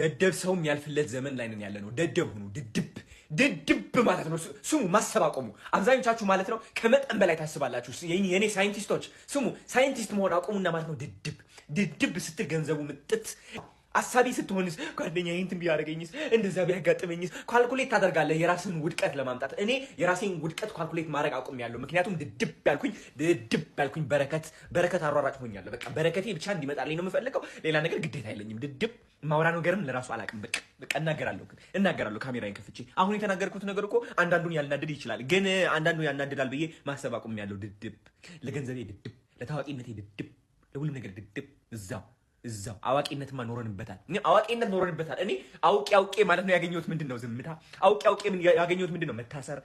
ደደብ ሰው የሚያልፍለት ዘመን ላይ ነን ያለ ነው። ደደብ ሁኑ። ድድብ ድድብ ማለት ነው። ስሙ ማሰብ አቆሙ። አብዛኞቻችሁ ማለት ነው ከመጠን በላይ ታስባላችሁ። የኔ ሳይንቲስቶች ስሙ፣ ሳይንቲስት መሆን አቁሙና ማለት ነው። ድድብ ድድብ ስትል ገንዘቡ ምጥት አሳቢ ስትሆንስ ጓደኛ ይንትን ቢያደርገኝስ እንደዛ ቢያጋጥመኝስ ኳልኩሌት ታደርጋለህ የራስን ውድቀት ለማምጣት እኔ የራሴን ውድቀት ኳልኩሌት ማድረግ ያለው ምክንያቱም ድድብ ያልኩኝ ድድብ ያልኩኝ በረከት በረከት አሯራጭ ሆኛለሁ በቃ በረከቴ ብቻ እንዲመጣልኝ ነው የምፈልገው ሌላ ነገር ግዴታ አይለኝም ድድብ ማውራ ነገርም ለራሱ አላቅም በቃ እናገራለሁ ግን እናገራለሁ ካሜራዬን ከፍቼ አሁን የተናገርኩት ነገር እኮ አንዳንዱን ያልናድድ ይችላል ግን አንዳንዱ ያልናድዳል ብዬ ማሰብ ያለው ድድብ ለገንዘቤ ድድብ ለታዋቂነቴ ድድብ ለሁሉም ነገር ድድብ እዛው እዛው አዋቂነትማ ኖረንበታል። አዋቂነት ኖረንበታል። እኔ አውቄ አውቄ ማለት ነው ያገኘሁት ምንድን ነው? ዝምታ። አውቄ አውቄ ያገኘሁት ምንድን ነው? መታሰር፣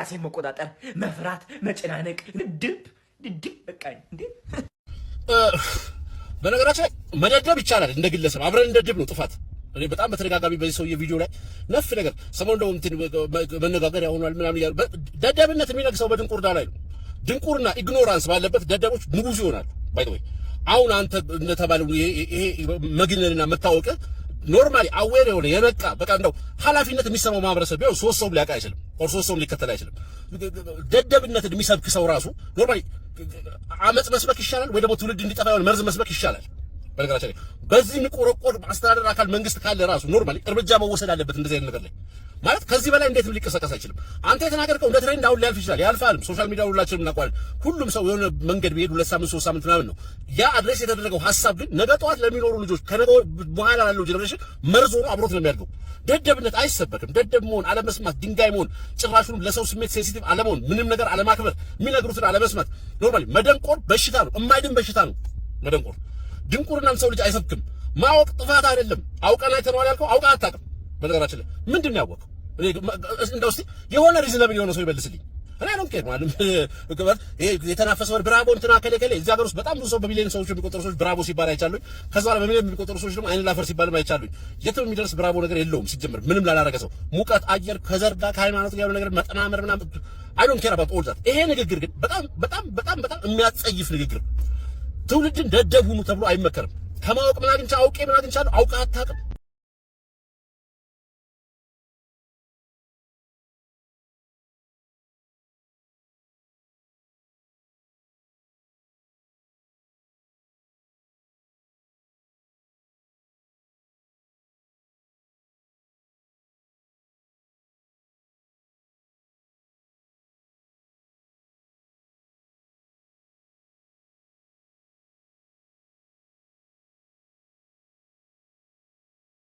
ራሴን መቆጣጠር፣ መፍራት፣ መጨናነቅ፣ ድድብ ድድብ። በቃ እንዴ! በነገራችን ላይ መደደብ ይቻላል። እንደ ግለሰብ አብረን እንደድብ ነው ጥፋት። እኔ በጣም በተደጋጋሚ በዚህ ሰውዬ ቪዲዮ ላይ ነፍ ነገር ሰሞኑን ደሞ እንትን መነጋገሪያ ሆኗል ምናምን እያሉ ደደብነት የሚነግሰው በድንቁርና ላይ ነው። ድንቁርና ኢግኖራንስ ባለበት ደደቦች ንጉስ ይሆናል። ባይ አሁን አንተ እንደተባለው ይሄ መግነንና መታወቅ ኖርማሊ አዌር የሆነ የነቃ በቃ እንደው ኃላፊነት የሚሰማው ማህበረሰብ ቢሆን ሶስት ሰው ሊያውቅ አይችልም፣ ኦር ሶስት ሰው ሊከተል አይችልም። ደደብነትን የሚሰብክ ሰው ራሱ ኖርማሊ አመፅ መስበክ ይሻላል ወይ ደግሞ ትውልድ እንዲጠፋ የሆነ መርዝ መስበክ ይሻላል። በነገራችን ላይ በዚህ ንቆረቆር አስተዳደር አካል መንግስት ካለ ራሱ ኖርማሊ እርምጃ መወሰድ አለበት እንደዚህ አይነት ነገር ላይ ማለት ከዚህ በላይ እንዴትም ሊቀሰቀስ አይችልም። አንተ የተናገርከው እንደ ትሬንድ አሁን ሊያልፍ ይችላል፣ ያልፋልም። ሶሻል ሚዲያ ሁላችንም እናውቃለን። ሁሉም ሰው የሆነ መንገድ ቢሄድ ሁለት ሳምንት ሶስት ሳምንት ምናምን ነው። ያ አድሬስ የተደረገው ሀሳብ ግን ነገ ጠዋት ለሚኖሩ ልጆች ከነገ በኋላ ላለው ጀኔሬሽን መርዞ ነው አብሮት ነው የሚያድገው። ደደብነት አይሰበክም። ደደብ መሆን፣ አለመስማት፣ ድንጋይ መሆን፣ ጭራሹንም ለሰው ስሜት ሴንሲቲቭ አለመሆን፣ ምንም ነገር አለማክበር፣ የሚነግሩትን አለመስማት፣ ኖርማሊ መደንቆር በሽታ ነው፣ የማይድን በሽታ ነው መደንቆር። ድንቁርናም ሰው ልጅ አይሰብክም። ማወቅ ጥፋት አይደለም። አውቀን አይተነዋል ያልከው አውቀን አታውቅም። በነገራችን ላይ ምንድን ነው ያወቀው? እንደው እስኪ የሆነ ሪዝነብል የሆነ ሰው ይመልስልኝ። እኔ አይ ዶንት ኬር ማለት ይሄ የተናፈሰ ወር ብራቦ እንትና ከለ ከለ እዚህ ሀገር ውስጥ በጣም ብዙ ሰው በሚሊዮን ሰዎች የሚቆጠሩ ሰዎች ብራቦ ሲባል አይቻሉኝ። ከዛ በኋላ በሚሊዮን የሚቆጠሩ ሰዎች ደግሞ አይን ላፈር ሲባል አይቻሉኝ። የትም የሚደርስ ብራቦ ነገር የለውም ሲጀምር ምንም ላላረገ ሰው ሙቀት፣ አየር ከዘር ጋር ከሃይማኖት ጋር ነገር መጠናመር ምናምን አይ ዶንት ኬር አባውት ኦል ዛት። ይሄ ንግግር ግን በጣም በጣም በጣም በጣም የሚያጸይፍ ንግግር። ትውልድን ደደብ ሁኑ ተብሎ አይመከርም። ከማወቅ ምን አግኝቻ አውቄ ምን አግኝቻለሁ አውቀህ አታውቅም